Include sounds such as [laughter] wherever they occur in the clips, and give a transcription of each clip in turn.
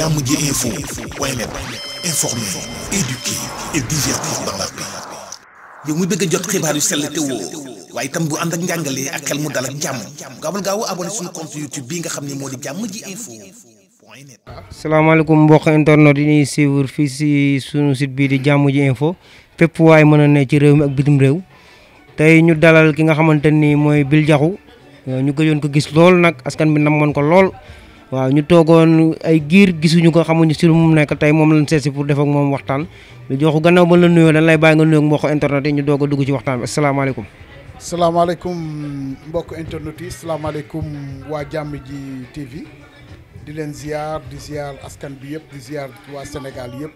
jàmm ji info point bu ànd ak njàngalee ak xel mu dal xam ne moo di jàmm ji info. asalaamaaleykum mbokk internet yi ñuy fii si sunu site bii di jàmm ji info fépp waaye mën ne ci réew mi ak bitim réew tey ñu dalal ki nga xamante ni mooy Bill Diakhou ñu gëjoon ko gis lool nag askan bi namoon ko lool. waaw ñu toogoon ay giir gisuñu ko xamuñu si lu mu nekk tey moom lañ seet si pour def ak moom waxtaan lu joxu gannaaw ba la nuyoo dañ lay bàyyi nga nuyoo mbokk internet yi ñu doog a dugg ci mbokk internet yi salaamaaleykum waa jàmm ji TV di leen ziar di ziar askan bi yëpp di ziar waa Sénégal yëpp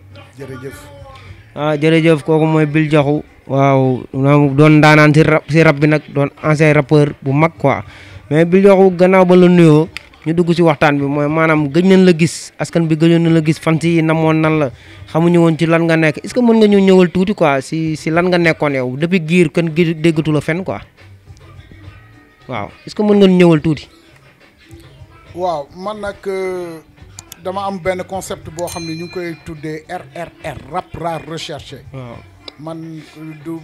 jërëjëf ah, kooku mooy Bill Diakhou waaw doon ndaanaan si rap si rap bi nag doon ancien rappeur bu mag quoi mais Bill Diakhou gannaaw ba la nuyoo ñu dugg ci waxtaan bi mooy maanaam gëj nañ la gis askan bi gëjoon nañ la gis fan si namoon nan la xamuñu woon ci lan nga nekk est-ce que mën nga ñëwal tuuti quoi si si lan nga nekkoon yow depuis giir kenn déggatu la fenn quoi waaw est que mën nga ñëwal tuuti. waaw man nag euh, dama am benn concept boo xam ne ñu ngi koy tuddee RRR rap rar recherché. waaw man du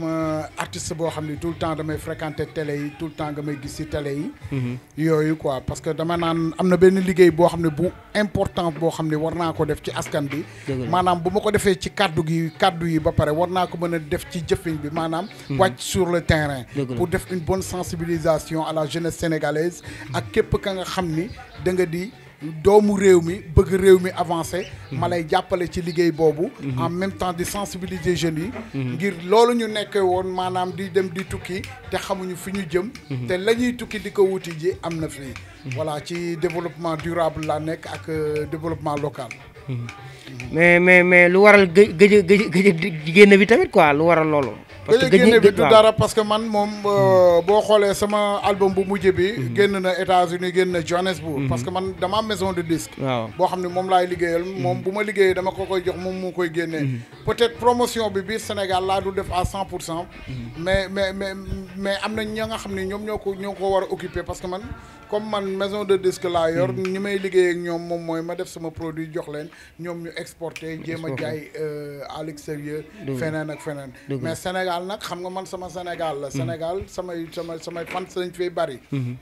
artiste boo xam ne tout le temps damay fréquenter télé yi tout le temps nga may gis ci télé yi. Mhm. yooyu quoi parce que dama naan am na benn liggéey boo xam ne bu important boo xam ne war naa ko def ci askan bi. maanaam bu ma ko defee ci kaddu gi kaddu yi ba pare war naa ko mën a def ci jëfin bi maanaam. Mhm. wàcc sur le terrain. pour def une bonne sensibilisation à la jeunesse sénégalaise. ak képp ka nga xam ni da nga di. doomu réew mi bëgg réew mi avancé malay jàppale ci liggéey boobu mhm. en même temps di sensibiliser jeunes yi mhm. ngir loolu ñu nekke woon maanaam di dem di tukki te xamuñu fi ñu jëm mhm. te la ñuy tukki di ko wuti ji am na fii voilà ci développement durable laa nekk ak euh, développement local mais mais mais lu waral gëj gëj gëj génn bi tamit quoi lu waral loolu parce que génne bi du dara parce que man moom euh, boo xoolee sama album bu mujj bi. Mhm. génn na États-Unis génn na Johannesburg. Mhm. parce que man dama am maison de disque. boo xam ne moom laay liggéeyal. Mhm. moom bu ma liggéeyee dama ko koy jox moom moo koy génnee. peut-être promotion bi biir Sénégal laa du def à 100 pour cent. mais mais mais mais am na ña nga xam ne ñoom ñoo ko ñoo ko war a occuper parce que man. comme man maison de disque laa yor ñi may liggéey ak ñoom moom mooy ma def sama produit jox leen ñoom ñu exporté jéem a jaay euh, à l'extérieur feneen ak feneen mais Sénégal Sénégal nag xam nga man sama Sénégal la. Sénégal samay samay samay fans lañ fiy bari.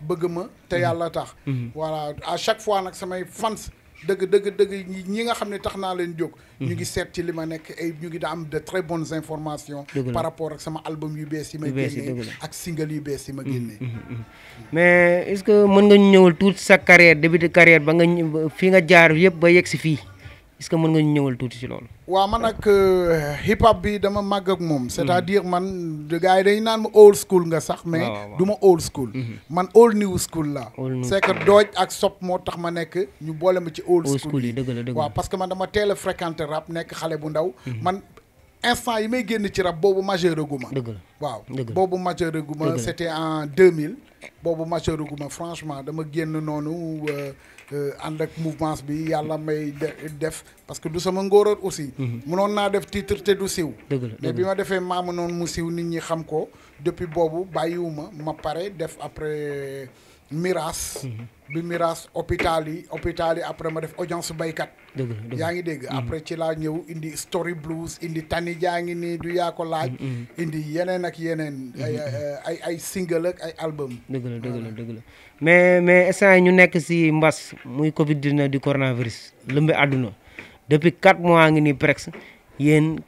bëgg ma te yàlla tax. voilà à chaque fois nag samay fans. dëgg dëgg dëgg ñi nga xam ne tax naa leen jóg. ñu ngi seet ci li ma nekk ay ñu ngi da am de très bonnes informations. par rapport ak sama album yu bees yi ma génnee ak single yu bees yi ma génnee. Mm-hmm, mm-hmm, mm-hmm. mais est-ce que mën nga ñëwal tuuti sa carrière début de carrière ba nga ñëw fi nga jaar yëpp ba yegg si fii. est-ce que mën nga ñëwal tuuti ci loolu. waa man nag euh, hip hop bi dama màgg ak moom. Mm-hmm. c'est-à-dire man gaa yi dañu naan ma old school nga sax. mais ah, duma ma old school. Mm-hmm. man old new school la c'est dooj ak sop moo tax ma nekk ñu boole ma ci old. school yi dëgg la dëgg la waaw parce que man dama teel a fréquenter rap nekk xale bu ndaw. Mm-hmm. man instant yi may génn ci rab boobu majeur guma waaw boobu majeur guma c'était en mille boobu majeur guma franchement dama génn noonu euh, euh, ànd ak mouvement bi yàlla may def parce que du sama ngóoróor aussi mënoon mhm. naa def titre te du siw mais bi ma defee maamu noonu mu siw nit ñi xam ko depuis boobu bàyyiwu ma ma pare def après euh, miraas mhm. bi miraas hôpital yi hôpital yi après ma def audience baykat yaa ngi dégg après ci laa ñëw indi story blues indi tani jaa ngi nii du yaa ko laaj mm, mm, mm. indi yeneen ak yeneen ay ay single ak ay album dëgg la dëgg la dëgg la mais mais instant yi ñu nekk si mbas muy covid 19 di coronavirus lëmbi àdduna depuis quatre mois ngi nii presque yéen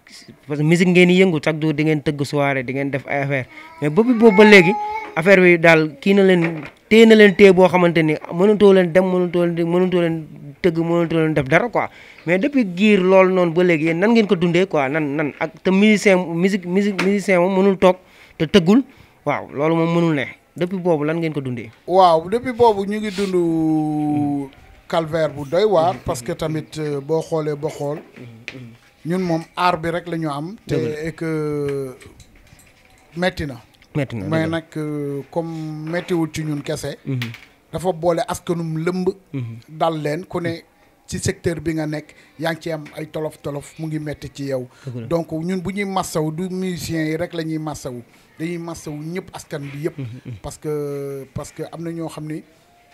parce que musique ngeen yëngu chaque jour di ngeen tëgg soirée di ngeen def ay affaire mais boobu boobu ba léegi affaire bi daal kii na leen téye na leen téye boo xamante ni mënatoo leen dem mënatoo leen mënatoo leen tëgg mënatoo leen def dara quoi mais depuis giir lool noonu ba léegi yéen nan ngeen ko dundee quoi nan nan ak te musicien musique musique musicien moom mënul toog te tëggul waaw loolu moom mënul ne depuis boobu lan ngeen ko dundee waaw depuis boobu ñu ngi dund calvaire bu doy waar parce que tamit euh, boo xoolee boo xool ñun moom aar bi rek la ñu am. te et metti na. metti na mais nag euh, comme méttiwul ci ñun kese. Mhm. dafa boole askanum lëmb. Mhm. dal leen ku ne ci secteur bi nga nekk yaa ci am ay tolof tolof mu ngi metti ci yow. donc ñun bu ñuy massaw du musiciens yi rek la ñuy massawu dañuy massawu ñëpp askan bi yëpp. Mhm, parce que parce que am na ñoo xam ni.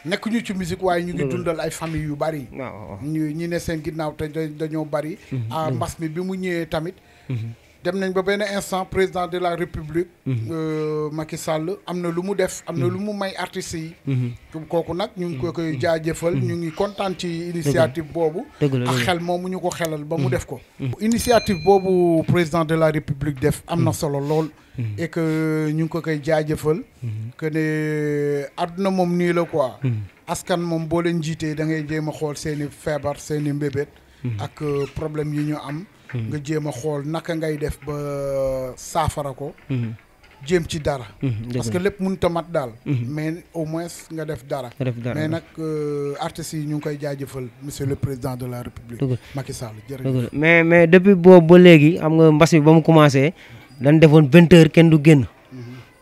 nekk ñu ci musique waaye ñu ngi mm-hmm. dundal ay famille yu bari. Ah, ah, ah. ñu ñi ne seen ginnaaw te dañoo bari. Mm-hmm. ah mm-hmm. mbas mi bi mu ñëwee tamit. dem nañ ba benn instant président de la république. Euh, Macky Sall am na lu mu def am na lu mu may artistes yi. kooku nag ñu ngi ko koy jaajëfal. ñu ngi kontaan ci initiative boobu. ak xel moomu ñu ko xelal ba mu def ko. initiative boobu président de la république def am na solo lool. et que ñu ngi ko koy jaajëfal. que ne euh, àdduna moom nii la quoi. askan moom boo leen jiitee da ngay jéem a xool seeni feebar seeni i mbébét. ak euh, problème yi ñu am. nga jéem a xool naka ngay def ba euh, saafara ko. jéem ci dara. parce que lépp mënut a mat daal. mais au moins nga def dara. mais nag artistes yi ñu ngi koy jaajëfal monsieur le président de la république. Macky Sall jërëjëf mais mais depuis boobu ba léegi am nga mbas bi ba mu commencé. dañ defoon vingt kenn du génn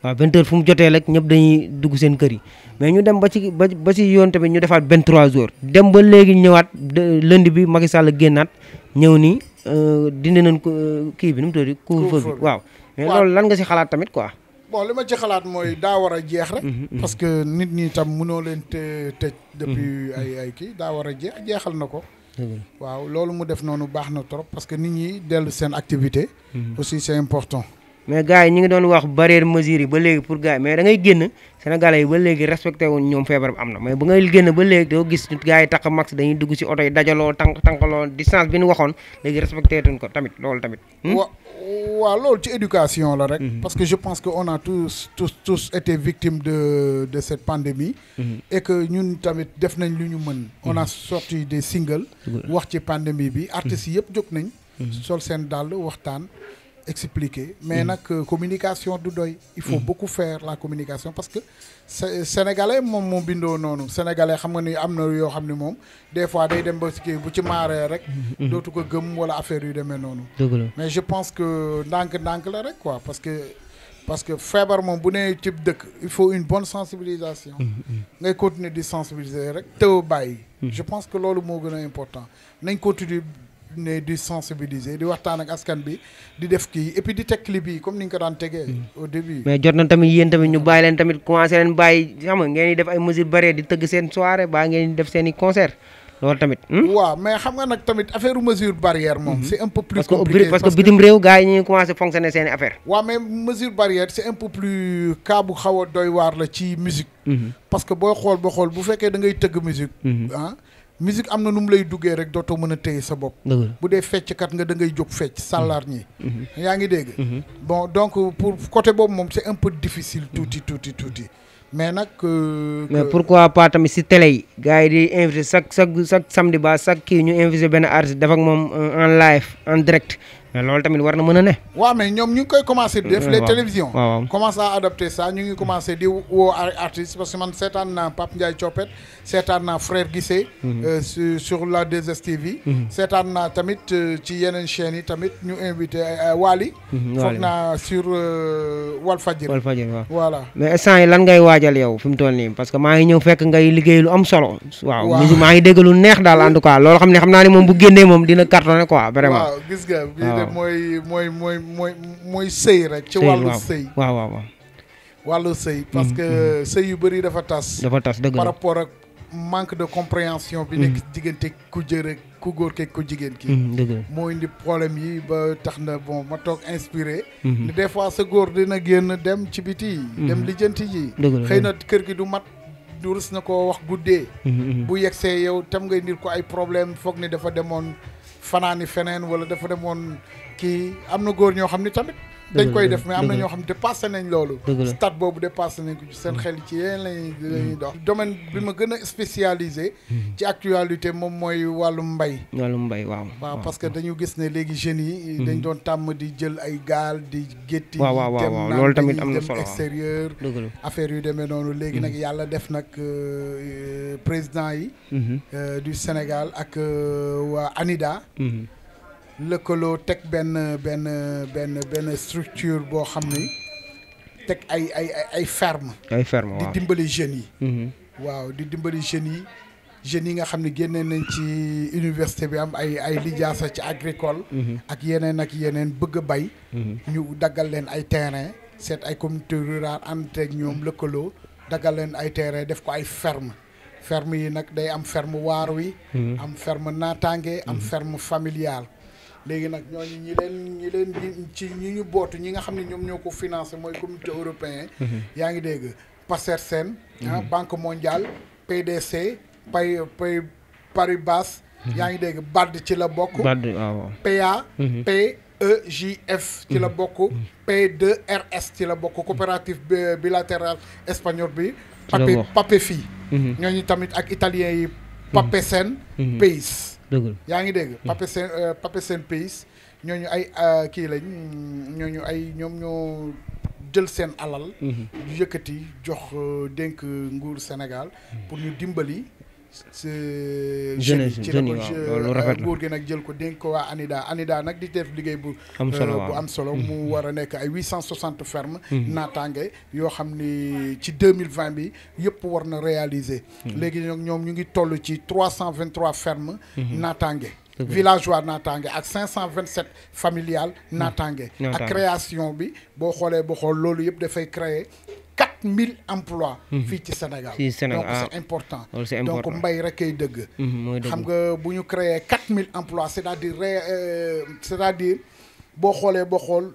waaw vingt heures fu mu jotee rek ñëpp dañuy dugg seen kër yi mais ñu dem ba ci ba ci yoon tamit ñu defaat vingt trois heures dem ba léegi ñëwaat lënd bi Macky Sall génnaat ñëw ni euh, dindi nañ ko euh, kii bi nu mu tudd couvre-feu bi waaw mais loolu lan nga ci xalaat tamit quoi bon li ma ci xalaat mooy daa war a jeex rek mm-hmm, mm-hmm. parce que nit ñi tam mënoo leen te tëj depuis mm-hmm. ay ay kii daa war a jeex jeexal na ko waaw loolu mu def noonu baax na trop parce que nit ñi dellu seen activité mhm. aussi c'est important mais gars yi ñu ngi doon wax barrière mesure yi ba léegi pour gars yi mais da ngay génn Sénégalais yi ba léegi respecté wuñ ñoom feebar bi am na mais bu ngay génn ba léegi doo gis gars yi tax max dañuy dugg si oto yi dajaloo tànk tànkaloo distance bi ñu waxoon léegi respecté tuñ ko tamit loolu tamit. Hmm? wa éducation la rek. Hmm. parce que je pense que on a tous tous tous de de cette pandémie. Hmm. ñun tamit def nañ lu ñu mën. on a sorti des singles. wax ci pandémie bi. artistes yëpp jóg nañ. sol seen dàll waxtaan. expliquer mais mm. nag euh, communication du doy il faut mm. beaucoup faire la communication parce que sénégalais moom moo bindoo noonu sénégalais xam nga ni am na yoo xam ni moom des fois day dem ba kii bu ci maaree rek mm-hmm. dootu ko gëm wala affaire yu demee noonu mais je pense que ndànk-ndànk la rek quoi parce que parce que feebar moom bu nee cib dëkk il faut une bonne sensibilisation mm-hmm. ngay continuer di sensibiliser rek te bàyyi mm-hmm. je pense que loolu moo gën a important nañ continuer ne di sensibiliser di waxtaan ak askan bi di def kii et di teg clip yi comme ni ñu ko daan tegee. Hmm. au début. mais jot na tamit yéen tamit ñu bàyyi leen tamit commencé leen bàyyi xam nga ngeen di def ay mesures di tëgg seen soirée baa ngeen di def seen i concert loolu tamit. Hmm? waaw mais xam nga nag tamit affaire mesure barrière moom. Hmm. c' est un peu plus compliqué parce que bitim réew gars yi ñu ngi fonctionner seen i affaire waaw mais mesure barrière a waar la ci musique. parce que booy xool ba xool bu fekkee da ngay tëgg ah, musique am na nu mu lay duggee rek dootoo mën a téye sa bopp bu dee fecc kat nga da ngay jóg fecc sàllaar ñi mhm. Mhm. yaa ngi dégg mhm. bon donc pour côté boobu moom c'est un peu difficile tuuti tuuti tuuti mais nag euh, mais pourquoi pas tamit si tele yi gars yi di invité chaque chaque chaque samedi ba kii ñu invité benn artiste def ak moom euh, en live en direct loolu tamit war na mën a ne. waaw mais ñoom ñu ngi koy commencé. def les télévisions. waaw commence à adopter ñu ngi commencé di woo artiste parce que man seetaan naa Pape Ndiaye Coppet seetaan naa Frère Guissé. Mhm. Euh, sur la 2STV. Mhm. seetaan tamit euh, ci yeneen chaînes yi tamit ñu invité euh, mhm, Wally. foog naa sur Walfadjri. Walfadjri waaw voilà. mais instant mu toll nii parce que maa ngi ñëw fekk ngay liggéey lu am solo. waaw maa ngi dégg neex daal en tout cas loolu xam ne xam naa ne moom bu génnee moom dina cartonné quoi vraiment. waaw gis nga. ne mooy mooy mooy mooy mooy sëy rek ci wàllu sëy waaw waaw waaw wàllu sëy parce mm-hmm, que mm-hmm. sëy yu bëri dafa tas dafa tas dëgg par rapport ak manque de compréhension bi nekk mm-hmm. diggante ku jëre ku góor ke ku jigéen ki moo indi problème yi ba tax na bon ma toog inspiré ni des fois sa góor dina génn dem ci biti dem lijjanti ji xëy na kër gi du mat du rus na ko wax guddee bu yegsee yow tam ngay ndir ko ay problème foog ne dafa demoon fanaani feneen wala dafa demoon kii am na góor ñoo xam ni tamit dañ koy def mais am na ñoo xam dépassé nañ loolu stade boobu dépassé nañ ko seen mm. xel ci yeen lañuy lañuy mm. dox domaine bi ma gën a spécialisé mm. ci actualité moom mooy wàllum mbay wàllum mbay waaw parce que dañu gis ne léegi jeunes yi mm-hmm. dañ doon tàmm di jël ay gaal di gétti waaw waaw waaw loolu tamit am na solo extérieur affaire yu demee noonu léegi nag mm-hmm. yàlla def nag euh, euh, président yi mm-hmm. euh, du Sénégal ak waa ANIDA lëkkaloo teg benn benn benn benn structure boo xam ni teg ay ay ay ferme ferme di dimbali jeunes yi. Mhm. waaw di dimbali jeunes yi jeunes yi nga xam ne génne nañ ci université bi am ay ay lijaasa ci agricole. Mhm. ak yeneen ak yeneen bëgg a bay. Mhm. ñu daggal leen ay terrain seet ay communauté rural ànd teg ñoom lëkkaloo daggal leen ay terrain def ko ay ferme ferme yi nag day am ferme waar wi. am ferme naataange. am ferme familiale. léegi nag ñooñu ñi leen ñi leen ci ñi ñu bootu ñi nga xam ne ñoom ñoo ko financé mooy comité européen mhm. yaa ngi dégg Pacersen ah mhm. banque mondiale PDC pay pay Paribas mhm. yaa ngi dégg BAD ci la bokk BAD waaw PA P e ci la bokk P2RS ci la bokk coopérative bi pape pape fii ñooñu tamit ak italien yi Papesen pays dëgg la yaa ngi dégg. Hmm. Pape Sène euh, Pape Sène Pays ñooñu ay euh, kii lañ ñooñu ay ñoom ñoo jël seen alal. ñu hmm. yëkkati jox euh, dénk nguur Sénégal hmm. pour ñu dimbali. jeunesse ci loolu rafet la euh, góor gi nag jël ko dénk ko waa ANIDA ANIDA nag di def liggéey bu. am solo euh, am solo mm. mu war a nekk ay 860 fermes. Mm. naataange yoo xam ni ci deux mille vingt bi yëpp war na réaliser. Mm. léegi nag ñoom ñu ngi toll ci cent 323 fermes. Mm-hmm. naataange. villageois naataange ak cinq cent 527 familiales naataange. ak création bi boo xoolee boo xool loolu yëpp dafay créer. quatre mille emplois mhm. fii ci Sénégal donc c'est ah. important donc mbay rek ay mhm, dëgg xam nga bu ñu créer quatre mille emplois c'est-à-dire euh, c'est-à-dire boo xoolee boo xool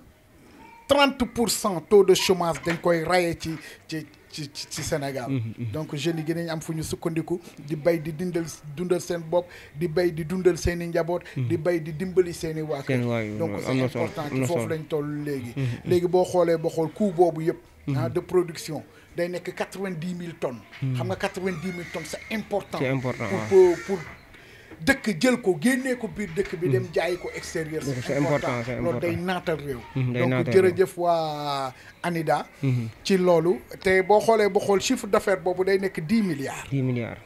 30 pour cent taux de chômage dañ koy rayé ci ci ci ci Sénégal. Mm-hmm, mm-hmm. donc jeunes yi dinañ am fu ñu sukkandiku di bay di dindal dundal seen bopp di bay di dundal seen i njaboot. Mm-hmm. di bay di dimbali seen i waa kër donc c'est important ci foofu dañ toll léegi. léegi boo xoolee ba xool coût boobu yëpp. ah de production day nekk quatre-vingt-dix mille tonnes. xam nga quatre-vingt-dix mille tonnes c'est important. important pour pour. dëkk jël ko génnee ko biir dëkk bi dem hmm. jaayi ko extérieur c'est important loolu day naatal réew hmm, donc jërëjëf waa ANIDA hmm. ci loolu te boo xoolee bu xool chiffre d'affaires boobu day nekk dix milliards dix milliards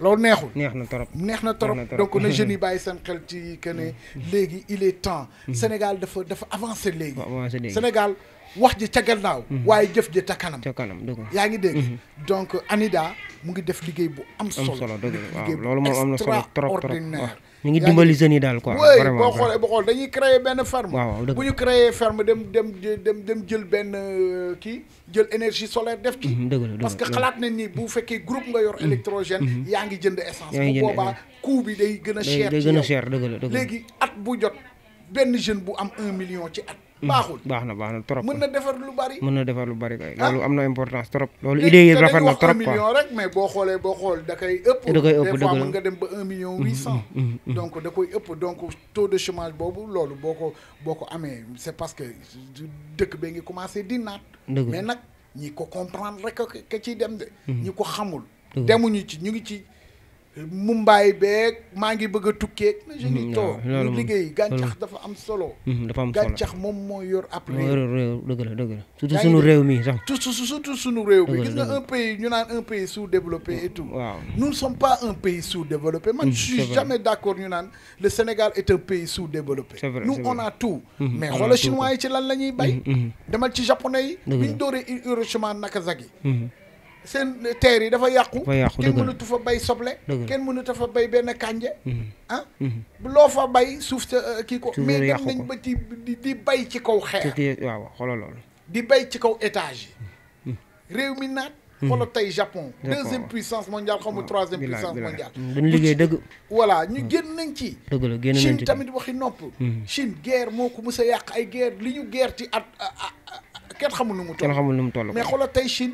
loolu neexul neex na trop neex na trop donc na jeunes yi [laughs] bàyyi seen xel ci que ne léegi il est temps Sénégal dafa dafa avancé léegi Sénégal wax ji ca gannaaw. Mhm. waaye jëf ji ca kanam. ca kanam yaa ngi dégg. Mhm. donc Anida mu ngi def liggéey bu am solo. am solo dëgg waaw loolu moom am na solo trop trop ñu ngi dimbali jeunes yi daal quoi. vraiment boo xoolee xool dañuy créer benn ferme. waaw bu ñu créer ferme dem dem dem dem jël benn euh, kii jël énergie solaire def ci. Mhm, parce que xalaat na ni bu fekkee groupe nga yor électrogène. yaa ngi jënd essence. yaa ngi jënd essence bi day gën a cher. léegi at bu jot benn jeune bu am un million ci at. Mm-hmm. baaxul baax na baax na trop mën na defar lu bari. mën na defar lu bari kay ah. loolu am na importance trop. loolu idée yi rafet na trop quoi million rek mais boo xoolee boo xool da koy ëpp. da koy ëpp des fois mën nga dem ba un million mm-hmm. huit cent. Mm-hmm. donc da ëpp donc taux de chômage boobu loolu boo ko boo ko amee c'est parce que dëkk bee ngi commencé di naat. mais nag ñi ko comprendre rek ka ciy dem de. ñi ko xamul. ñu ci ñu ngi ci. Mumbai beeg maa ngi bëgg tukkee tukkeeg. mais je dis too liggéey gàncax dafa am solo. Mm, dafa am solo gàncax moom moo yor après. réew dëgg la dëgg la surtout sunu réew mi sax. surtout sunu réew mi gis nga un pays ñu naan un pays sous-développé et tout. waaw nous pas un pays sous-développé. man mm, je suis jamais d'accord ñu naan le Sénégal est un pays sous-développé. c'est vrai tout. Mm-hmm. mais xoola chinois yi ci lan la ñuy bay. Mm-hmm. demal ci japonais yi. dëgg la bi ñu dooree Hiroshima Nagasaki. Mm-hmm. seen terre yi dafa yàqu. dafa yàqu kenn mënatu fa bay soble. kenn mënatu fa bay benn kànje. Mhm. ah mhm. loo fa bay suuf sa euh, kii ko. mais dem nañ ba ci di bay ci kaw xeer. waaw xoolal loolu. di bay ci kaw étage yi. Mhm. réew mi naat. xoolal tey Japon. deuxième puissance mondiale xaw ma troisième puissance mondiale. duñu liggéey dëgg. voilà ñu génn nañ ci. dëgg la génn nañ ci Chine tamit waxi nopp. Chine guerre moo ko mu a yàq ay guerre li ñu guerre ci at kenn xamul nu mu toll. kenn xamul nu mu toll mais xoolal tey Chine.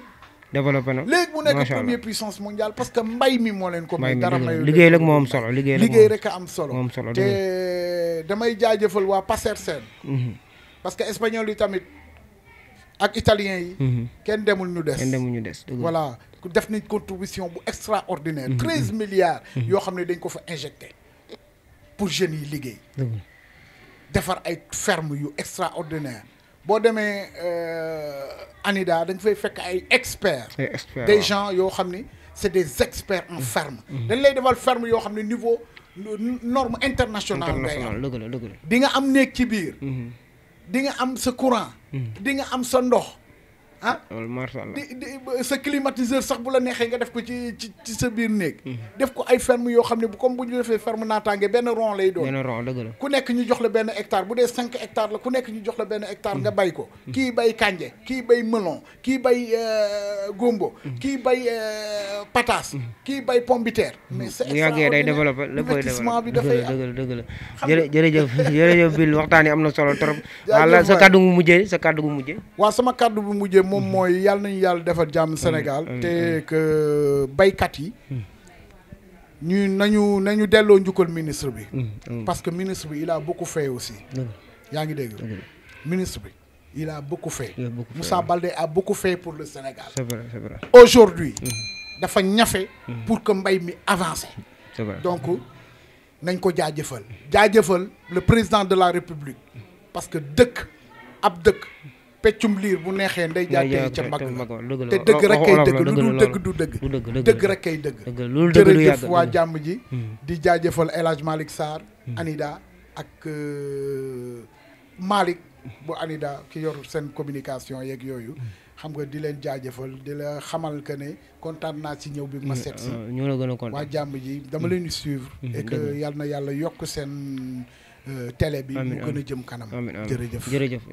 développé na léegi mu nekk première puissance mondiale parce que mbay mi moo leen ko may dara may liggéey rek moo am solo liggéey rek am solo te damay jaajëfal waa Pacer Sène mhm. parce que espagnol yi tamit ak italien yi mhm. kenn demul ñu des kenn ñu des voilà def nañ contribution bu extraordinaire mhm. treize milliards yoo xam ne dañ ko fa injecté pour jeunes yi liggéey defar ay ferme yu extraordinaire boo demee euh, ANIDA da nga fay fekk ay experts. des gens yoo xam ni c'est des experts en mm. ferme. Mm. dañ lay defal ferme yoo xam ne niveau norme internationale. ngay am di nga am néeg ci biir. Mm-hmm. di nga am sa courant. Mm. di nga am sa ndox. ah sa climatiseur sax bu la neexee nga def ko ci ci sa biir néeg def ko ay ferme yoo xam ne bu comme bu ñu defee ferme naataange benn rond lay doon benn rond dëgg ku nekk ñu jox la benn hectare bu dee cinq hectares la ku nekk ñu jox la benn hectare nga bay ko kii bay kànje kii bay melon kii bay euh, gombo kii bay euh, pataas kii bay pomme de terre mais bu yàggee day développé léppay développé dëgg la dëgg la jërë jërëjëf [laughs] jërëjëf Bill waxtaan yi am na solo trop wala sa kàddu gu mujjee sa kàddu gu mujjee moom mooy yàlla nañu yàlla defar jàmm Sénégal te que baykat yi hmm. ñu nañu nañu delloo njukkal ministre bi hmm, hmm. parce que ministre bi il a beaucoup fait aussi yaa ngi dégg ministre bi il a beaucoup fait Moussa Baldé a beaucoup fait pour le Sénégal c'est vrai c'est aujourd'hui dafa ñafe pour que mbay mi avancé donc nañ ko jaajëfal jaajëfal le président de la République parce que dëkk ab dëkk peccum liir bu neexee ndey jaatee ca mag la te dëgg rek kay dëgg lu dul dëgg du dëgg dëgg rek kay dëgg jërëjëf waa jàmm ji hmm. di jaajëfal El Hadj Malick Sarr hmm. Anida ak euh, Malick bu Anida ki yor seen communication yeeg yooyu hmm. xam nga di leen jaajëfal di la xamal que ne kontaan naa si ñëw bi ma seet si ñoo la gën a kontaan waa jàmm ji dama leen di suivre et que yal na yàlla yokk seen euh, télé bi mu gën a jëm kanam jërëjëf jërëjëf